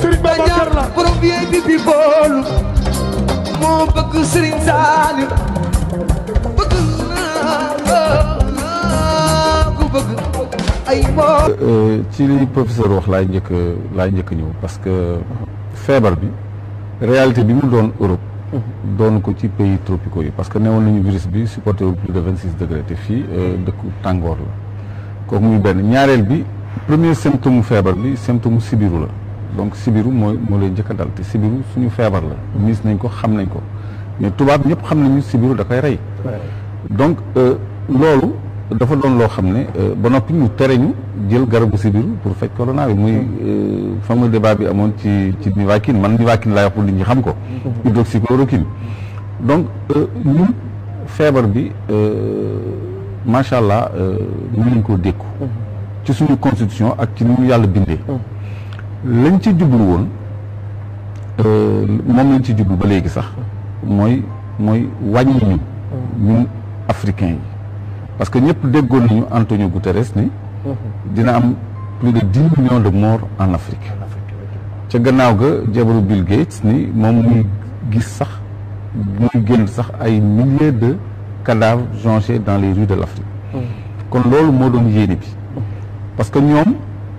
Serigne Babacar la premier bi boolu moo bëgg Serigne Saliou bëgg naa ko bëgg euh, ci li professeur wax laay njëkk laay njëkk ñëw parce que feebar bi réalité bi mu doon Europe. doon ko ci pays tropicaux yi parce que newoon nañu virus bi supporté wu plus de vingt six degré te fii euh, dëkku tàngoor la kooku muy benn ñaareel bi premier symptôme feebar bi symptôme sibiru la. donc sibiru mooy moo lay njëkk a dal te sibiru suñu feebar la miis nañ ko xam nañ ko mais tubaab ñëpp xam nañu sibiru dafay rey donc euh, loolu dafa doon loo xam ne euh, ba noppi ñu tere ñu jël garabu sibiru pour faj corona bi muy de euh, débat bi amoon ci ci nivaquine man nivaquine laay wax pour nit ñi xam ko hydroxychloroquine donc ñun feebar bi macha allah mënuñ ko dékku mm-hmm. ci suñu constitution ak ci ni ñu yàlla bindee mm-hmm. lañ ci jublu woon euh, moom lañ ci jublu ba léegi sax mooy mooy wàññi ñun africains yi parce que ñëpp déggoon nañu Antonio Guterres ni dina am plus de 10 millions de morts en Afrique ca gannaaw ga jabaru Bill Gates ni moom muy gis sax muy génn sax ay milliers de cadavres jonchés dans les rues de l'Afrique mm. kon loolu moo doon yéene bi parce que ñoom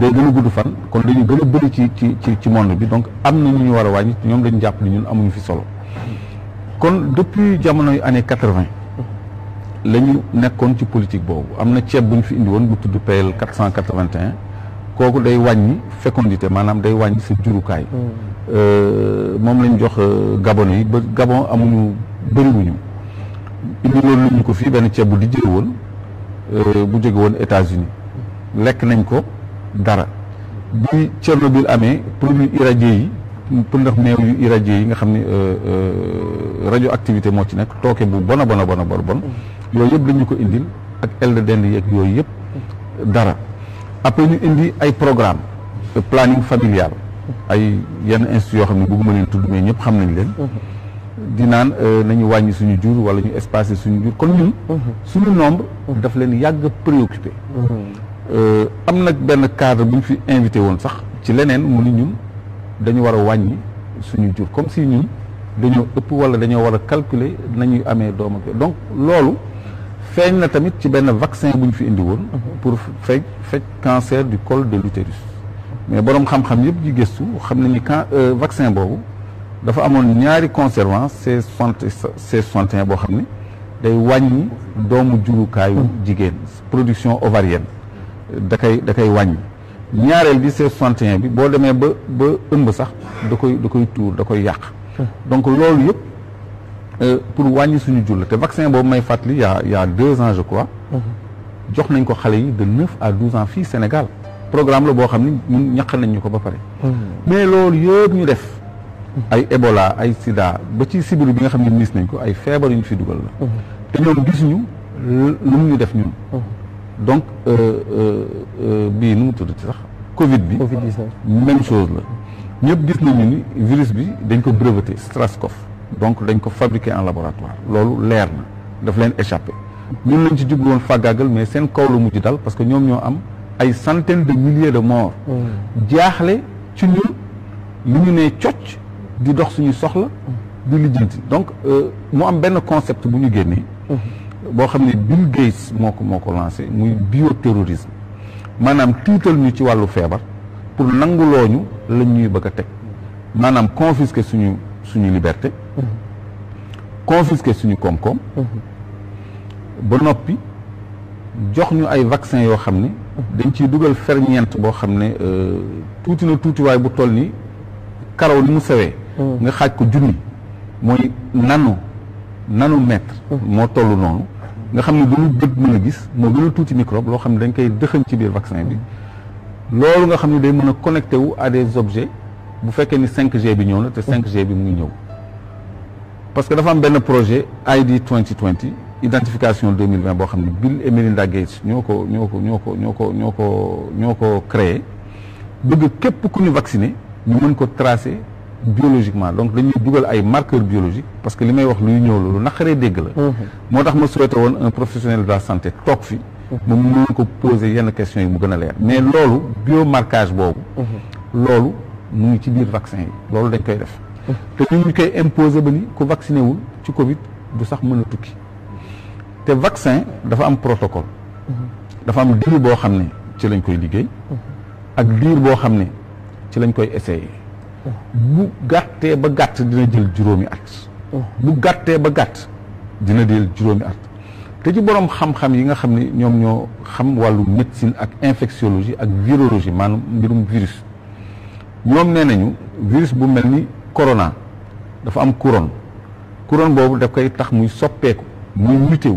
day gën gudd fan kon dañu gën a bëri ci ci ci ci monde bi donc am na ñu war a wàññi ñoom lañu jàpp ni ñun amuñu fi solo kon depuis jamono yi année quatre-vingt la nekkoon ci politique boobu am na ceeb bu ñu fi indi woon bu tudd PL quatre cent quatre-vingt-un kooku day wàññi fécondité maanaam day wàññi sa jurukaay hmm. euh, moom lañ jox euh, Gabon yi ba Gabon amuñu bëriwuñu indi loolu ñu ko fii benn ceeb bu di jël euh, bu jóge woon États-Unis lekk nañ ko dara bi Tchernobyl amee produits irradiés yi pour ndax néew yu irradiés yi nga xam ni euh, euh, radioactivité moo ci nekk tooke bu bon a bon a bon a bon yooyu yëpp lañu ko indil ak eld dend yeeg yooyu yëpp dara après ñu indi ay programme planning familial ay yenn institut yoo xam ne bëgguma leen tudd mais ñëpp xam nañ leen di naan euh, nañu wàññi suñu jur wala ñu espace suñu jur kon ñun mmh. suñu nombre daf leen yàgg préoccupé mmh. Euh, am not cadre buñ invité sax ci a suñu comme si ñun dañu ëpp wala calculer donc lolu fegn na tamit vaccin mhm. pour le cancer du col de l'utérus mais borom xam-xam yeb euh, vaccin bobu dafa amone ñaari conservant c C61 day mhm. production ovarienne da koy da koy wàññi ñaareel bi c'est 61 bi boo demee ba ba ëmb sax da koy da koy tuur da koy yàq donc loolu yëpp euh, pour wàññi suñu jur la te vaccin boobu may fàttali y a y deux ans je crois jox nañ ko xale yi de neuf à douze ans fii Sénégal programme la boo xam ni ñun ñaq nañ ñu ko ba pare mais loolu yëpp ñu def ay Ebola ay Sida ba ci sibiru bi nga xam ne miis nañ ko ay feebar yu ñu fi dugal la te ñoom gisuñu lu mu ñu def ñun donc euh, euh, euh, bien nu mu tudd ci sax Covid bi. même chose la ñëpp gis ni virus bi dañ ko breveté Strascoff donc dañ ko fabriqué en laboratoire loolu l'air na daf leen échappé ñun lañ ci jublu woon fàggaagal mais c'est kaw le mujj dal parce que ñoom ñoo am ay centaines de milliers de morts. Mm. jaaxle ci ñun li ñu nee cocc di dox suñu soxla. di lijjanti donc mu am benn concept bu ñu boo xam ne Bill Gates moo ko moo ko lancé muy bioterrorisme maanaam tiital ñu ci wàllu feebar pour nangulooñu lañ ñuy bëgg a teg maanaam confisquer suñu suñu liberté mm-hmm. confisquer suñu koom-koom mm-hmm. ba noppi jox ñu ay vaccin yoo xam ne mm-hmm. dañ ciy dugal ferñeent boo xam ne euh, tuuti na tuutiwaay bu toll ni karaw ni mu sewee nga xaaj ko junni mooy nanu nanomètre moo toll noonu nga xam ne bu ñu bët mën a gis moo gën a tuuti microbe loo xam ne dañ koy dëxañ ci biir vaccin bi loolu nga xam ne day mën a connecté wu à des objets bu fekkee ni 5G bi ñëw na te 5G bi mu ngi ñëw parce que dafa am benn projet ID 2020 identification 2020 boo xam ne Bill et Melinda Gates ñoo ko ñoo ko ñoo ko ñoo ko ñoo ko ñoo ko créé bëgg képp ku ñu vacciné ñu mën ko tracer biologiquement donc dañuy duggal ay marqueurs biologiques parce que limay wax luy ñëw la lu naqaree dégg la mhm. motax ma souhaité won un professionnel de la santé tok fi moom mën ko poser yenn questions yi mu gëna leer mais lolu biomarquage bobu mhm. lolu mu ngi ci biir vaccin yi loolu dañ koy def mhm. te ñu ngi koy imposer ba ni ku vacciné wul ci Covid du sax mëna a tukki te vaccin dafa am protocole dafa am diir boo xam ne ci lañ koy liggéey ak diir boo xam ne ci lañ koy essayé bu gàttee ba gàtt dina jël juróomi at bu gàttee ba gàtt dina jël juróomi at te ci borom xam-xam yi nga xam ni ñoom ñoo xam wàllu médecine ak infectiologie ak virologie maanaam mbirum virus ñoom nee nañu virus bu mel ni corona dafa am couronne couronne boobu daf koy tax muy soppeeku muy muté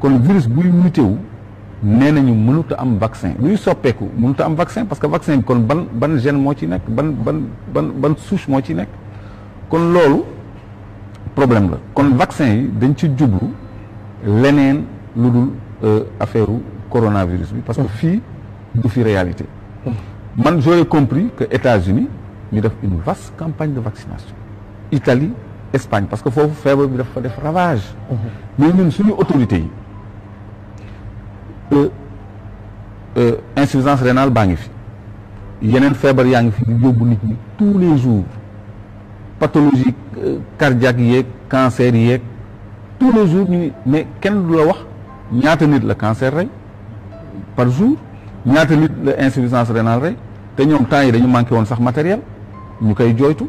kon virus buy muté nee nañu mënut a am vaccin luy soppeeku pas a am vaccin parce que vaccin bi kon ban ban gène moo ci nekk ban ban ban ban souche moo ci nekk kon problème la kon vaccin yi dañ ci jublu leneen euh, affaire coronavirus parce que c'est du fi réalité man j'aurais compris que États-Unis y a une vaste campagne de vaccination Italie Espagne parce que faut faire des ravages. def ravage mhm. mais ñun suñu autorités euh, insuffisance rénale baa ngi fi yeneen feebar fi nit tous les jours pathologie euh, cardiaque yeeg cancer yeeg tous les jours ñu mais kenn du la wax ñaata nit cancer rey par jour ñaata nit la insuffisance rénale rey te en temps yi dañu manqué woon sax matériel ñu a jooytu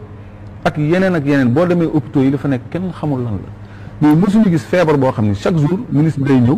ak yeneen ak yeneen boo demee hôpitaux yi dafa nekk kenn xamul lan la mais mësuñu gis feebar boo xam ne chaque jour ministre day ñëw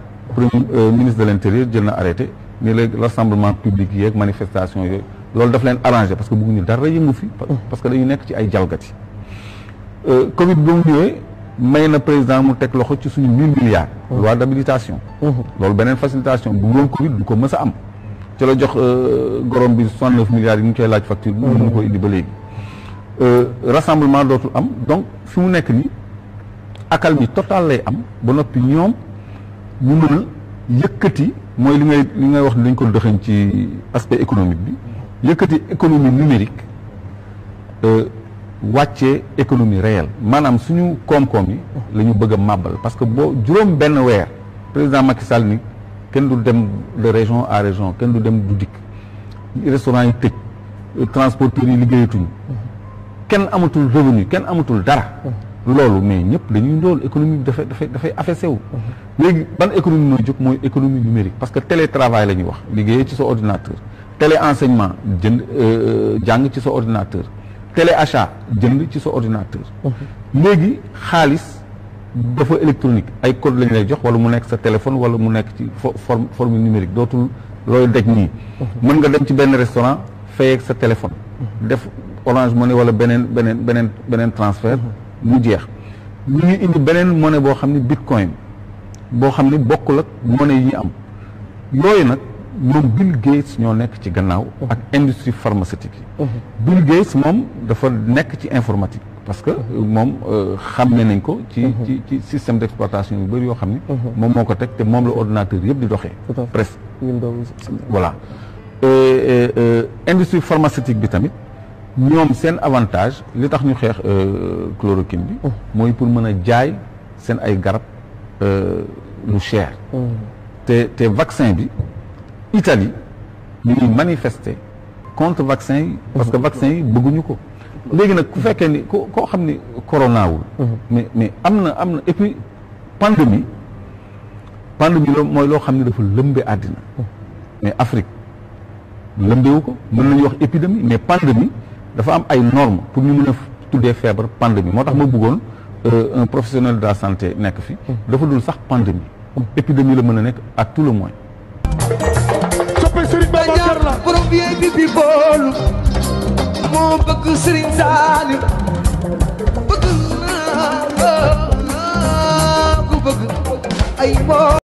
premier euh, ministre de l'intérieur jël na arrêté mais la rassemblement public manifestations manifestation yooyu loolu daf arrangé parce que vous ñu dara yëngu fi parce que dañu nekk ci ay jalgati euh, covid bi mu mais le président mu l'eau loxo ci suñu 1 milliards loi d'habilitation loolu beneen facilitation bu doon covid du ko mës am ci la jox euh, gorom bi milliards yi ñu koy laaj facture bi mënuñu ko indi belles léegi rassemblement d'autres am donc si on nekk ni accalmie totale lay am opinion ñu mën a yëkkati mooy li ngay li ngay wax ni dañ ko doxeñ ci aspect économique bi yëkkati économie numérique euh, wàccee économie réelle maanaam suñu koom-koom yi la ñu bëgg a màbbal parce que boo juróom benn weer président Macky Sall ni kenn du dem de région à région kenn du dem du dikk restaurant yi tëj euh, transporteurs yi liggéeyatuñu kenn amatul revenu kenn amatul dara loolu mais ñëpp dañuy ndool économie bi dafay dafay dafay affaissé wu. léegi ban économie mooy jóg mooy économie numérique parce que télétravail la ñuy wax liggéeyee ci sa ordinateur télé enseignement jënd euh, jàng ci sa ordinateur télé achat jënd ci sa ordinateur. léegi xaalis dafa électronique ay code lañ lay jox wala mu nekk sa téléphone wala mu nekk ci forme forme numérique dootul looy daj nii. mën nga dem ci benn restaurant fayeeg sa téléphone. def orange money wala beneen beneen beneen beneen transfert. mu jeex ñu ngi indi beneen monnaie boo xam ne bitcoin boo xam ne bokk ak mone yi ñu am yooyu nag moom Bill Gates ñoo nekk ci gannaaw ak mhm. industrie pharmaceutique yi mhm. Bill Gates moom dafa nekk ci informatique parce que mhm. moom euh, xam ne nañ ko ci ci ci système d'exploitation yu bëri yoo xam ne moom moo ko teg te moom la ordinateur yëpp di doxee presque voilà euh, industrie pharmaceutique bi tamit avons un avantage li euh, chloroquine bi oh. pour jaay ay euh, lu cher oh. vaccin bi Italie manifesté contre vaccin parce que oh. vaccin bëgguñu ko ku ni corona mais mais amna amna pandémie pandémie mais Afrique mën wax épidémie mais pandémie dafa am ay pour ñu a tuddee feebar pandémie moo tax ma bëggoon euh, un professionnel de la santé nekk fi dafa dul sax pandémie épidémie la mën a nekk à tout le moins Serigne la bi bi bëgg Serigne bëgg ko bëgg ay